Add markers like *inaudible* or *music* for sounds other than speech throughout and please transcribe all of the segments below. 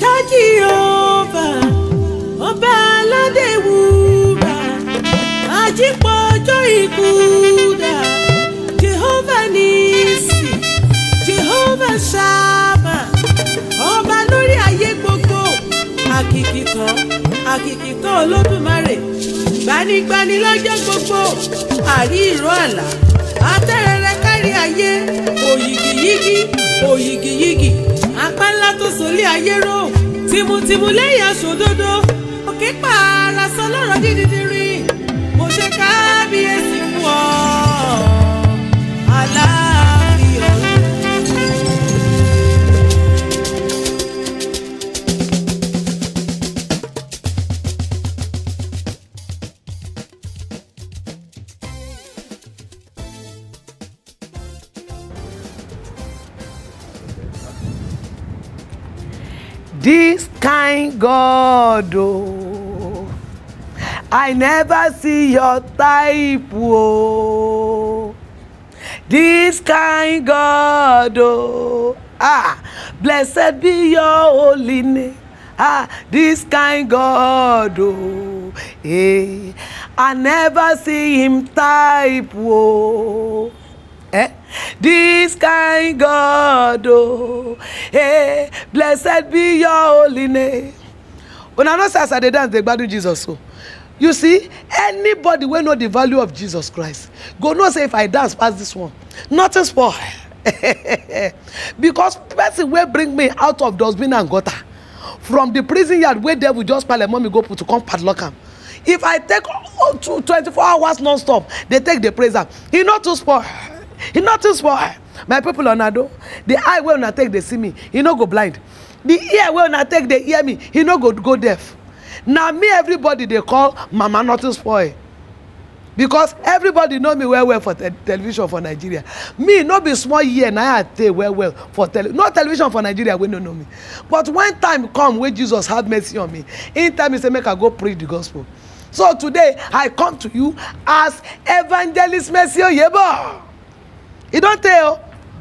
Tají ọba, ọba aládé wúrà, àjípọ̀ ọjọ́ ikú dà, Jehova nìsí, Jehova ṣáàbà, ọba lórí ayé gbogbo, àkìkìtọ̀, àkìkìtọ̀ olódùmarè, gbanigbani lọ́jọ́ gbogbo, àrí ìró àlà, atẹ́rẹrẹ kárí ayé, òyìgìyìgì òyìgìyìgì apálá tó sòlé ayé ró tìmùtìmù lẹ́yìn aṣòdodo òkè pààrà sọ lọ́rọ̀ dídìdìrín mo ṣe kábíyèsí fún ọ aláà. This kind God oh, I never see your type oh. This kind God oh, ah, blessed be your holy name ah, this kind God oh, eh, I never see him type oh. Eh? This kind God, oh, hey, eh, blessed be your holy name. When I know as I dance, they gbadun Jesus. So. Oh. You see, anybody will know the value of Jesus Christ go know say if I dance past this one, nothing spoil. *laughs* because person will bring me out of dustbin and gutter from the prison yard where devil just palemon me go put to come padlock him. if I take oh, two, 24 hours non-stop, they take the praise am, e no too spoil e nothing for eye my people una do the eye will not take they see me He no go blind the ear will not take they hear me He no go go deaf Now me everybody they call mama nothing spoil because everybody know me well well for te television for nigeria me no be small year na i tey well well for tele no television for nigeria We don't know me but when time come wey jesus had mercy on me him time he say make i go preach the gospel so today i come to you as evangelist mercy oyebo. He don't tell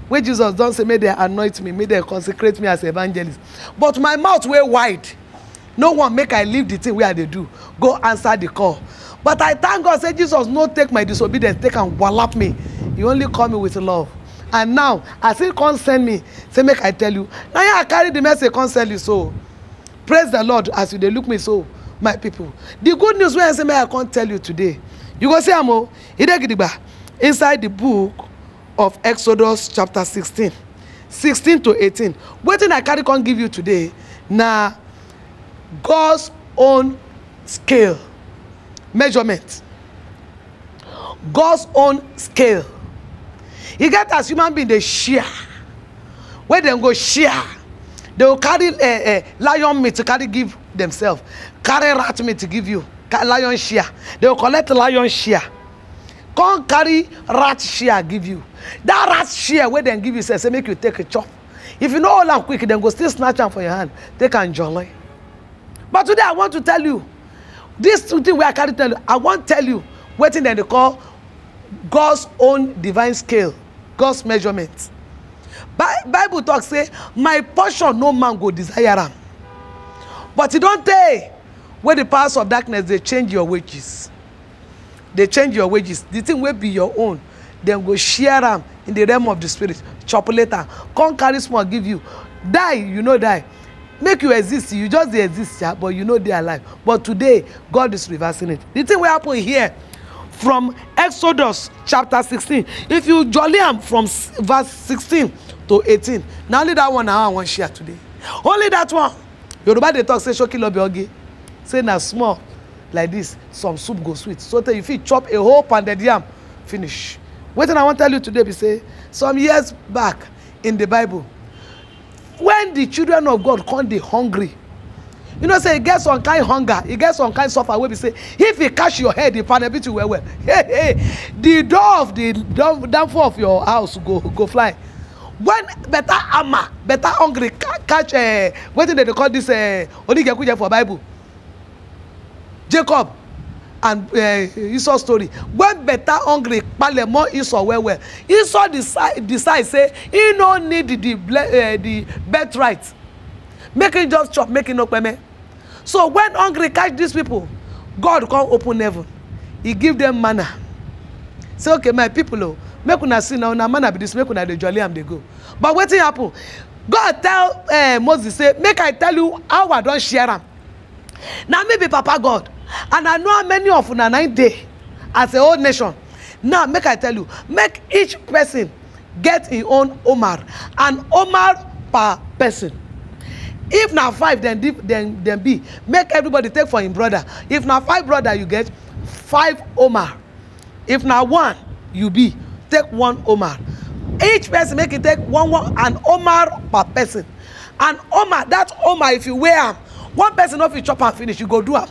where jesus don say make they anoint me make they consecrate me as evangelist but my mouth wey wide no one make i leave the thing where they do go answer the call but i thank god say jesus no take my disobedience take and wallop me he only call me with love and now I he come send me say make i tell you Now here i carry the message come send you so praise the lord as you dey look me so my people the good news wey i say make i come tell you today you go say I'm o inside the book of exodus chapter sixteen, sixteen to 18 wetin i carry come give you today na god's own scale measurement god's own scale e get as human being dey share wey dem go share dem go carry uh, uh, lion meat carry give themselves carry rat meat give you lion share dem go collect lion share come carry rat share give you that rat share wey dem give you sef say make you take a chop if you no hold am quick dem go still snatch am for your hand take am jolly but today i want to tell you this thing wey i carry tell you i wan tell you wetin dem dey call god's own divine scale god's measurement bible talk say my portion no man go desire am but e don tey wey the powers of darkness dey change your wages They change your wages the thing will be your own Then go share them in the realm of the spirit Chop later. come carry small give you die you know die make you exist you just exist Yeah. but you know they are alive but today god is reversing it the thing will happen here from exodus chapter sixteen if you jolly am from verse sixteen to eighteen na only that one na how i wan share today only that one yoruba dey talk say shoki lobe say na small like this some soup go sweet so tey you fit chop a whole pounded yam finish wetin i wan tell you today be say some years back in the bible when the children of god come dey hungry you know say e get some kind hunger e get some kind suffer wey be say if e catch your head e panel beat you well well *laughs* hey hey the door of the downfall of your house go go fly when better armor, better hungry catch uh, wetin dem dey call this uh, onigekuje for bible jacob and uh, eh, esau story when better hungry palemo esau well well esau decide decide say he no need the uh, the birthright make him just chop make him no peme so when hungry catch these people god come open heaven he give them manna say okay my people o oh, make una see na una manna be this make una dey jolly am dey go but wetin happen god tell uh, moses say make i tell you how i don share am na me be papa god and i know how many of una nine dey as a whole nation now make i tell you make each person get im e own omar and omar per person if na five dem dem dem be make everybody take for im brother if na five brother you get five omar if na one you be take one omar each person make e take one one and omar per person and omar that omar if you wear am one person no fit chop am finish you go do am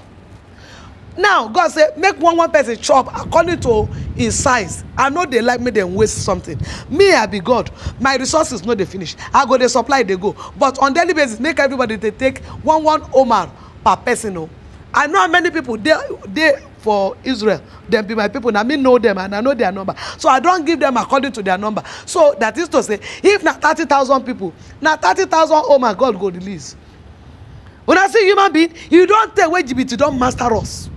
now god say make one one person chop according to his size i no dey like make dem waste something me i be god my resources no dey finish i go dey supply dey go but on daily basis make everybody dey take one one omar per person o oh. i know how many people dey dey for israel dem be my people na me know them and i know their number so i don give them according to their number so that is to say if na thirty thousand people na thirty thousand omar god go release una see human being you don tell wey jibiti don master us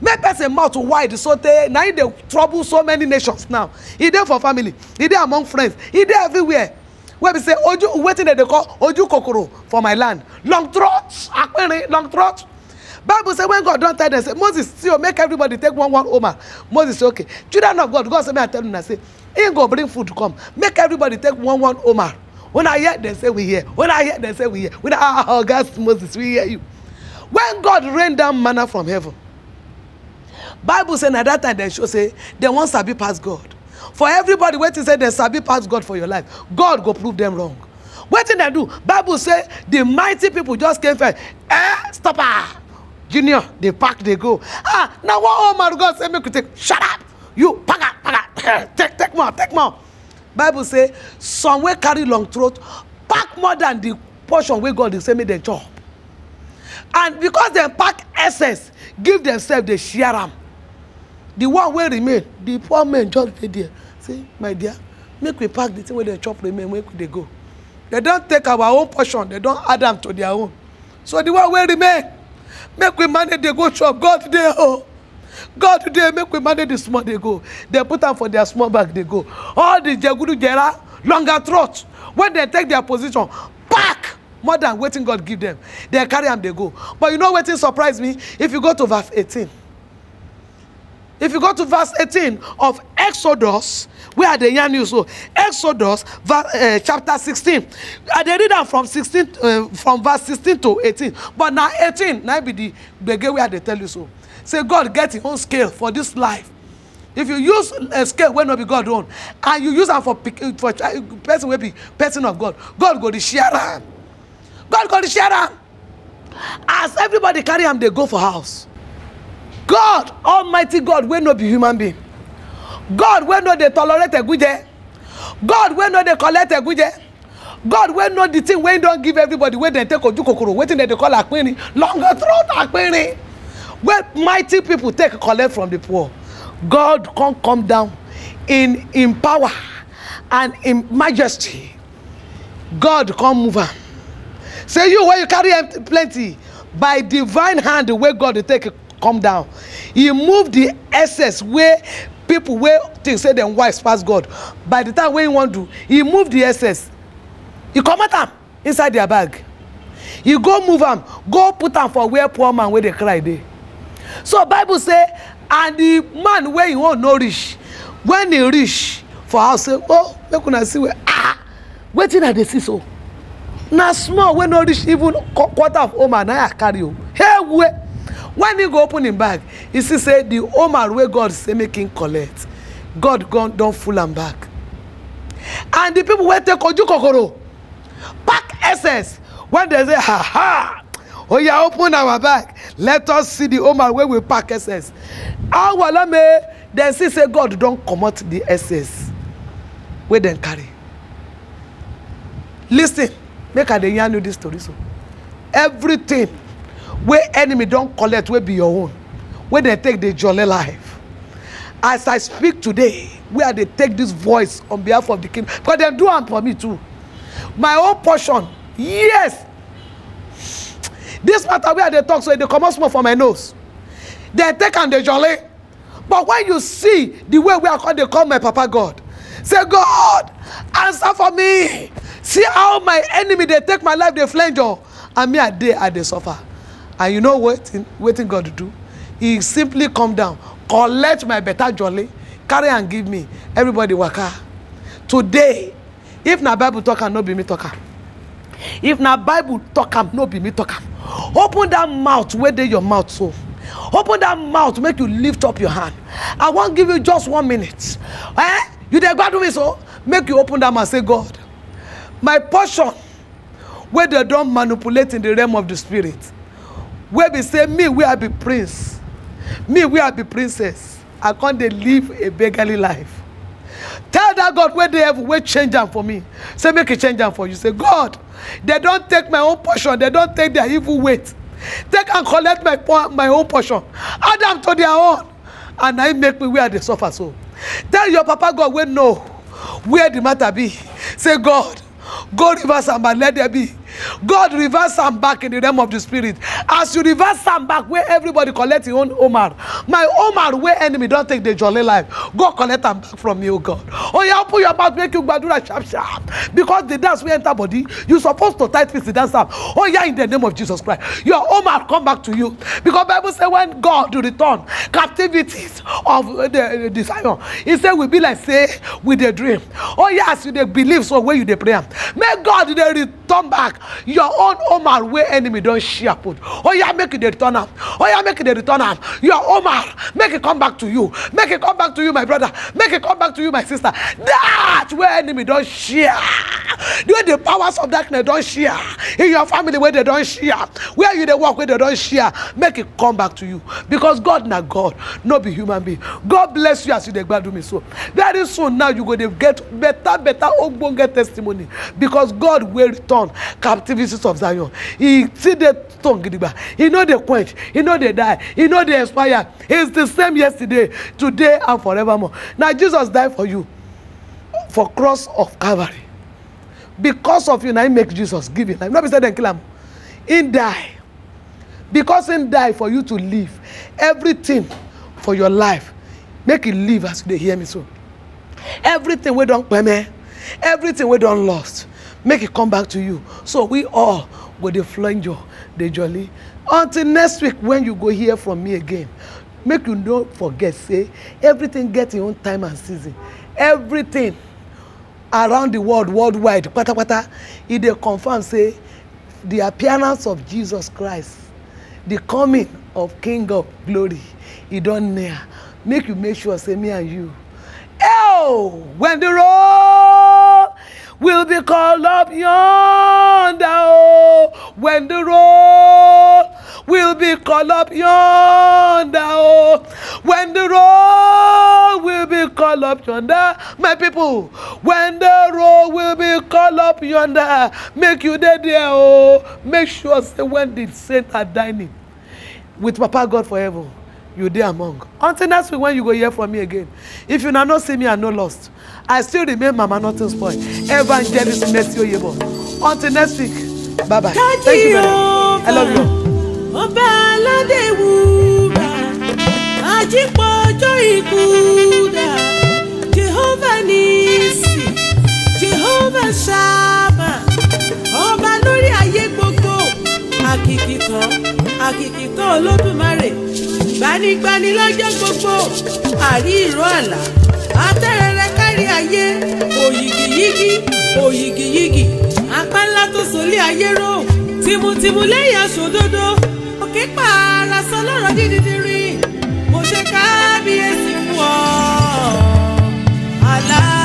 make person mouth wide so they now they trouble so many nations now He there for family He there among friends He there everywhere Where be say oju waiting dem dey call oju kokoro for my land long throat apere long throat bible say when god don tell them say moses see oh, make everybody take one one homer moses say okay children of god god say me i tell una say ain't go bring food to come make everybody take one one homer when i hear dem say we hear when i hear dem say we hear when i *laughs* ah oga ah, ah, moses we hear you when god rain down manna from heaven bible say na that time dem show say dem wan sabi pass god for everybody wetin say dem sabi pass god for your life god go prove dem wrong wetin dem do bible say the mighty people just came first eh stop ah junior dey pack dey go ah na one old man god say make you take shut up you pack am pack am *laughs* take take more take more bible say some wey carry long throat pack more than the portion wey god dey say make dem chop and because dem pack excess give themselves dey share am the one wey remain the poor men just dey there say my dear make we pack the thing wey dey chop remain make we dey go they don take our own portion they don add am to their own so the one wey remain make we manage dey go chop god dey o oh. god dey make we manage the small dey go They put am for their small bag dey go all the jegudu jera longer throat when dem take their position pack more than wetin god give them. They carry am dey go but you know wetin surprise me if you go to verse eighteen If you go to verse 18 of Exodus, where are the yarn you so? Exodus verse, uh, chapter 16. I they read am from 16 uh, eh, from verse 16 to 18. But now 18, now be the gbege where they tell you so. Say God get his own scale for this life. If you use a eh, scale wey not be God own, and you use am for eh, for person wey be person of God, God go dey share am. God go dey share am. As everybody carry am they go for house god almighty god wey no be human being god wey no dey tolerate eguje god wey no dey collect eguje god wey know the thing wey don give everybody wey dem take oju kokoro wetin dem dey call apinrin longer throat apinrin wey mighty people take collect from the poor god come come down in in power and in majesty god come move am say you wey you carry plenty by divine hand wey god dey take come down he move the excess wey people wey think say dem wise pass god by the time wey he wan do he move the excess he comot am inside their bag he go move am go put am for where poor man wey dey cry dey so bible say and the man wey he own no reach when he reach for house say oh make una see well ah wetin i dey see so na small wey no reach even quarter of home and i carry o hey wey when he go open him bag he see say the omar wey god say make him collect god gone don full am back and the people wey take oju kokoro pack excess when they say ha ha oya oh open our bag let us see the omar wey we pack excess awalame dem see say god don comot the excess wey dem carry lis ten make i dey yarn you this story so everything Where enemy don't collect will be your own Where they take the jolly life as i speak today where they take this voice on behalf of the king because they do am for me too my own portion yes this matter where they talk so they come comot small for my nose They take and they jolly but when you see the way we i called, they call my papa god say god answer for me see how my enemy they take my life they flenjo oh. and me i dey i dey suffer and you know wetin wetin God do he simply come down collect my better jolly carry am give me everybody waka today if na bible talk am no be me talk am if na bible talk am no be me talk am open that mouth wey dey your mouth so open that mouth make you lift up your hand i wan give you just one minute eh you dey gbadu me so make you open that mouth say god my portion wey dey don manipulate in the realm of the spirit wey be say me wey i be prince me wey i be princess i come dey live a beggarly life tell dat god wey dey heaven wey change am for me say make e change am for you say god dem don take my own portion dem don take their evil weight take and collect my my own portion add am to their own and na im make me where i dey suffer so tell your papa god wey know where the matter be say god go rivers and let there be god reverse am back in the realm of the spirit as you reverse am back where everybody collect your own omar my omar where enemy don't take the jolly life God collect am back from you, God. Oh, oya open your mouth make you gbadura sharp sharp because the dance we enter body you supposed to tight fit the dance up. Oh, yeah, in the name of jesus christ your omar come back to you because bible say when god return captivities of the desire, zion he say we be like say with dey dream oya oh, as you dey believe so wey you dey pray May god dey return back your own omar where enemy don't share put oya oh, make it dey return am oya oh, make it dey return am your omar make it come back to you make it come back to you my brother make it come back to you my sister that where enemy don't share where the powers of darkness don't share in your family where they don't share where you they work where they don't share make it come back to you because god na god not be human being god bless you as you dey do me so very soon now you going to get better better get testimony because god will return captivities of zion he see dey strong gidigba he know they quench he know they die he know they expire He's the same yesterday today and forevermore Now jesus died for you for cross of calvary because of you na him make jesus give him life no be say dem kill am he die because he die for you to live everything for your life make e live as you dey hear me so everything wey don kpeme everything wey don lost make e come back to you so we all go dey flenjo dey jolly until next week when you go hear from me again make you no forget say everything get im e own time and season everything around the world worldwide pátápátá e dey confirm say the appearance of jesus christ the coming of king of glory e don near make you make sure say me and you oh when the road will be called up yonder oh when the road will be called up yonder. Oh, when the road will be called up yonder, my people, when the road will be called up yonder, make you there, there. Oh, make sure say when the saints are dining with Papa God forever, you there among until next week when you go hear from me again if you now not see me i no lost i still remain mama nothing spoil evangelist mercy oyebo until next week bye bye thank you very much. Oh. olódùmarè gbanigbani lọ́jọ́ gbogbo àrí ìró àlà atẹ́rẹrẹ kárí ayé òyìgìyìgì òyìgìyìgì apá ńlá tó sólé ayé ró tìmùtìmù lẹ́yìn aṣòdodo òkè pààrà sọ lọ́rọ̀ dídìdìrín mo ṣe kábíyèsí fún ọ àlá.